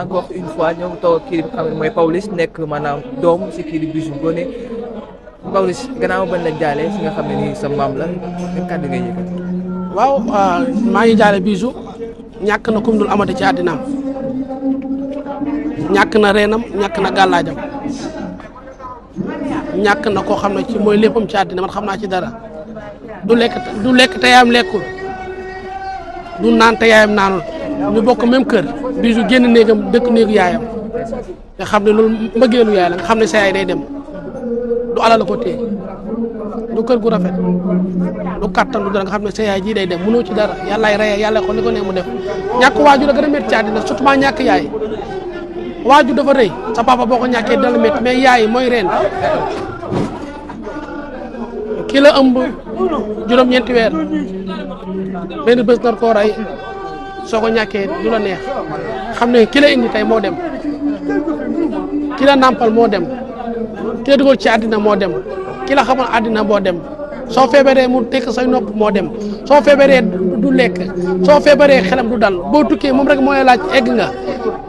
encore une fois ñoo ngi toog kii bi nga xam ne mooy Pawlish nekk maanaam doom si kii di Bijou Ngoné Pawlish jaale si nga xam ne nii sa maam la kàddu ngay waaw ah, maa ngi jaale Bijou ñàkk na kum dul amati ci àddinaam ñàkk na reenam ñàkk na gàllaajam ñàkk na koo xam ne ci mooy léppam ci àddina man xam naa ci dara du lekk du lekk te yaayam lekkul du naan te yaayam naanul. ñu bokk même kër Bijou génn néegam dëkk néegu yaayam nga xam ne loolu mbëggeelu yaay la nga xam ne sa yaay day dem du alal la ko téye du kër gu rafet du kattan du dara nga xam ne sa yaay jii day dem mënoo ci dara yàllaay reye yàlla xool ni ko nee mu def ñàkk waajur la gën a métti ci ñàkk yaay waajur dafa rëy sa papa boo ko ñàkkee dina la mais yaay mooy reen kii la ëmb juróom-ñeenti weer benn bés nar koo rey soo ko ñàkkee du la neex xam ne ki la tey moo dem ki la nàmpal moo dem ki la dugal ci àddina moo dem ki xam xamal addina moo dem soo feebaree mu tekk say nopp moo dem soo feebaree du lekk soo feebaree xelam du dal boo tukkee moom rek mooy laaj egg nga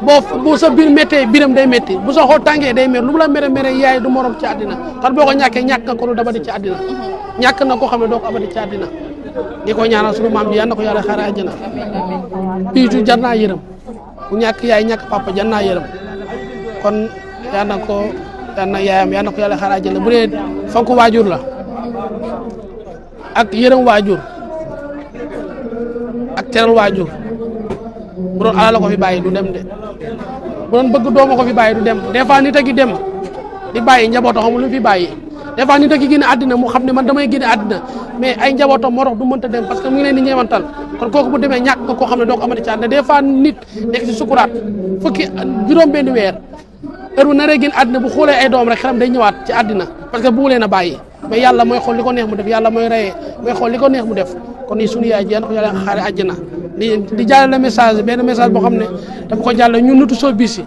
boo bu sa biir méttee biram day métti bu sa xool tàngee day mer lu la mere mere yaay du morom ci àddina tan boo ko ñàkkee ñàkk nga ko du dabadi ci àddina ñàkk na ko xam ne doo ko abadi ci àddina di ko ñaanal sunu maam bi yal na ko yàlla xaare àjjana piitu jar naa yërëm ku ñàkk yaay ñàkk papa jar naa yërëm kon yaa na ko yaa na yaayam yaa na ko yàlla xaraa jële bu dee fonk waajur la ak yërëm waajur ak teral waajur bu doon alal la ko fi bàyyi du dem de bu bëgg dooma ko fi bàyyi du dem des fois nit a gi dem di bàyyi njabootam xamul lu fi bàyyi des fois nit a gi génn àddina mu xam ne man damay génn àddina mais ay njabootam moo tax du mënta dem parce que mu ngi leen di kon kooku bu demee ñàkk nga ko xam ne doo ko amati ci àddina des fois nit nekk ci sukuraat fukki juróom benn weer heure bu naree génn àddina bu xoolee ay doom rek xelam day ñëwaat ci àddina parce que bu leen a bàyyi mais yàlla mooy xool ko neex mu def mooy reyee mooy xool li ko neex mu def kon ni sunu yaay jeen ko yàlla xaare àjjana di di jàllale message benn message boo xam ne dafa ko jàll ñun nutu soo biis yi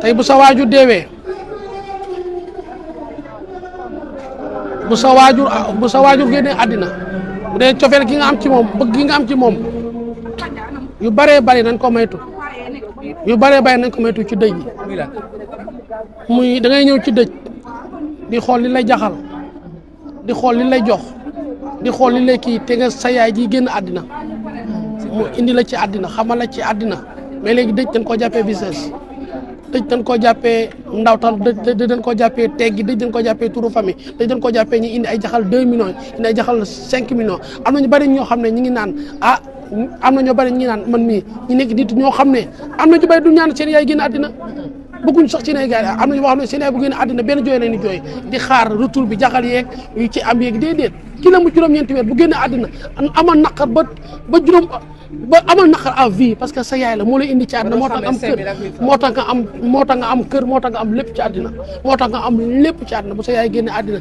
tey bu sa waaju deewee bu sa waajur bu sa waajur génnee àddina bu dee cofeel gi nga am ci moom bëgg gi nga am ci moom yu bëree bëri nañ ko maytu yu bëree bëri nañ ko maytu ci dëj yi muy da ngay ñëw ci dëj di xool li lay jaxal di xool li lay jox di xool li lay kii te nga sa yaay ji génn àddina mu indi la ci àddina xamal la ci àddina mais léegi dëj dañ koo jàppee business dëj dañ koo jàppee ndawtal dëj dañ koo jàppee teggi da dañ ko jàppee turu famille dëj dañ koo jàppee ñi indi ay jaxal 2 millions indi ay jaxal cinq millions am na ñu bari ñoo xam ne ñi ngi naan ah am na ñoo bari ñi naan man mii ñi nekk nit ñoo xam ne am na ñu bari du ñaan seen yaay génn àddina bëgguñ sax seen ay gars am na ñoo xam ne seen yaay bu génn àddina benn jooy la ni jooy di xaar retour bi jaxal yeeg ci am yeeg déedéet ki la mu juróom-ñeenti weer bu génne àddina amal naqar ba ba juróom ba amal naqar à vie parce que sa yaay la moo la indi ci àddina moo tax nga am kër moo tax nga am moo tax nga am kër moo tax nga am lépp ci àddina moo tax nga am lépp ci àddina bu sa yaay génne àddina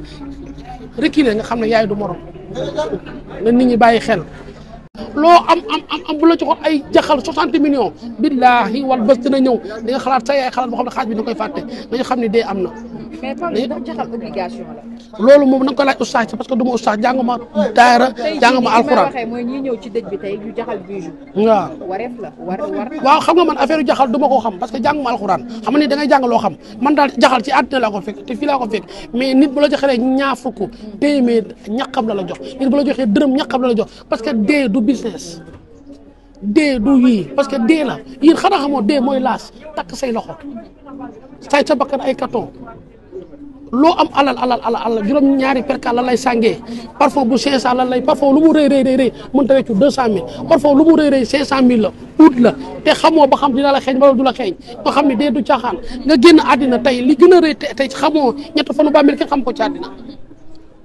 reculer nga xam ne yaay du morom na nit ñi bàyyi xel loo am am am am bu la joxoon ay jaxal 60 millions billaahi wal bés dina ñëw di nga xalaat sa yaay xalaat boo xam ne xaaj bi da koy fàtte nga xam ne dee am na mais obligation la. loolu moom na nga ko laaj oustaz parce que du ma oustaz jàng ma daara alxuraan. mooy ñëw ci dëj bi tey waaw la war war. waaw xam nga man affaire jaxal du ma ko xam parce que jàng ma alxuraan xam nga ni da xam man daal jaxal ci àddina laa ko fekk te fii laa ko fekk mais nit bu la joxee ñaar fukk téeméer ñaqam la la jox nit bu la joxee dërëm ñaqam la la jox parce que dee du business. dee du yii parce que dee la yéen xanaa xamoo dee mooy laas takk say loxo say sa bakkan ay carton loo am alal alal alal alal juróom ñaari perka lan lay sange parfois bu 500 lan lay parfois lu mu rëy rëy rëy rëy mën ta weccu 200000 parfois lu mu rëy rëy 500000 la ut la te xamoo ba xam dina la xeeñ wala du la xeeñ nga xam ne dee du caaxaan nga génn àddina tey li gën a rëy tey xamoo ñett fanu bàmmeel kenn xam ko ci àddina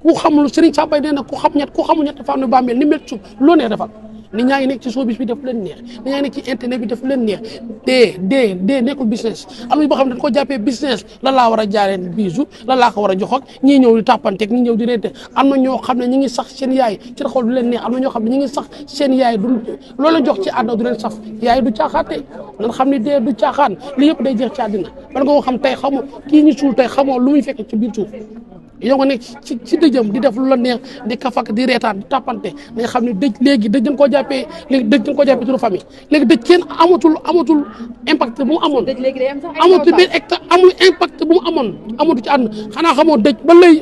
ku xamul Serigne Sambay nee na ku xam ñett ku xamul ñett fanu bàmmeel ni mel suuf loo nee defal nit ñaa ngi nekk ci showbiz bi def leen neex nit ñaa ngi ci internet bi def leen neex dee dee nekkul business am na boo xam ne dañ ko jàppee business la laa war a jaareen biisu la laa ko war a jox ak ñii ñëw di tàppanteeg ñëw di reente am na ñoo xam ne ñi ngi sax seen yaay ci taxaw du leen neex am na ñoo xam ne ñi ngi sax seen yaay du loolu la jox ci àdduna du leen saf yaay du caaxaate nan xam ne dee du caaxaan li yëpp day jeex ci àddina man nga ko xam tey xamoo kii ñu suul tey xamoo lu muy fekk ci biir yow nga nekk ci ci dëjëm di def lu la neex di kafak di reetaan di tàppante nga xam ne dëj léegi dëj dañ koo jàppee léegi dëj dañ koo jàppee turu famille léegi dëj kenn amatul amatul impact bu mu amoon amatul benn hectare amul impact bu mu amoon amatul ci àdduna xanaa xamoo dëj ba lay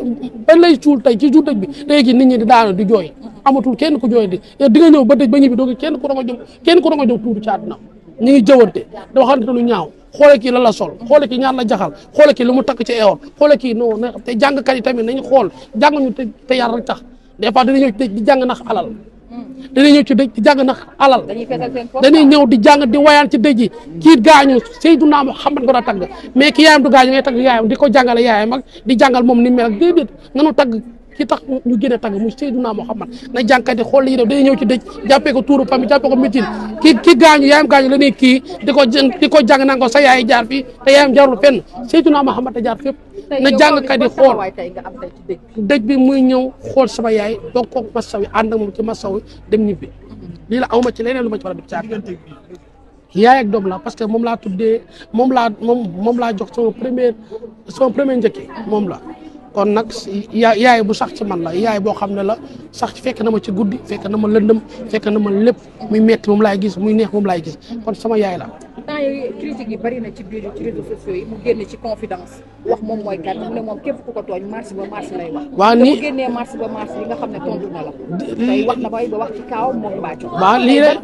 ba lay suul tey ci jour dëj bi léegi nit ñi di daanu di jooy amatul kenn ku jooy di di nga ñëw ba dëj ba ñibbi doog kenn ku rongo jëm kenn ku rongo jëm tuuti ci àdduna ñu ngi jëwante da waxante lu ñaaw xoole kii la sol xoole kii ñaar la jaxal xoole ki lu mu takk ci eewam xoole kii non na te jàngkat yi tamit nañu xool jàng ñu te te yar rek tax des fois dinañ ñëw di jàng nax alal dañuy ñëw ci dëj di nax alal dañuy ñëw di jàng di wayaan ci dëj yi kii gaañu Seydina Muhammad nga doon tagg mais ki yaayam du gaañu ngay tagg yaayam di ko jàngale yaayam ak di jàngal moom ni mel ak déedéet nga nu tagg ki tax ñu gën a tagg muy Seydina Muhammad na jànkati xool li ñuy def day ñëw ci dëj jàppee ko tuuru pami jàppee ko mitin ki ki gaañu yaayam la ne kii di ko di ko jàng naan ko sa yaay jaar fii te yaayam jaarul fenn Seydina Muhammad a jaar fépp na jàngkat yi xool dëj bi muy ñëw xool sama yaay donc ko masaw yi ànd ak moom ci masaw dem ñibbi lii la ma ci leneen lu ma ci war a def caag yaay ak doom la parce que moom laa tuddee moom laa moom moom laa jox sama premier sama premier njëkki moom la kon nag yaay bu sax ci man la yaay boo xam ne la sax fekk na ma ci guddi fekk na ma lëndëm fekk na ma lépp muy metti moom laay gis muy neex moom laay gis kon sama yaay la. temps yii critiques na ci biir ci réseaux sociaux wax moom mooy kat mu ne moom képp ku ko tooñ marche ba marche lay wax. waaw nii xam ne tontu na la. na bay ba wax ci kaw lii rek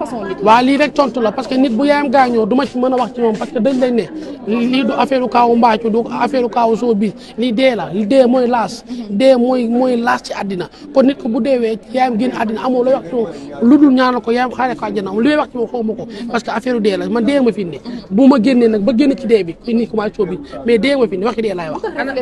waaw lii rek tontu la parce que nit bu yaayam gaañoo du ma ci mën a wax ci moom parce que dañ lay ne lii du affaire kaawu mbàccu du affaire kaawu soo bi lii dee la dee mooy laas. dee mooy mooy laas ci àddina kon nit ko bu dee deewee yaayam génn àddina amoo lay wax lu dul ñaanal ko yaayam xaaree ko àjjana li may wax ci moom ko parce que dee la man dee ma fi bu ma génnee nag ba génn ci dee bi ni commencé bi mais dee ma fi ne dee laay wax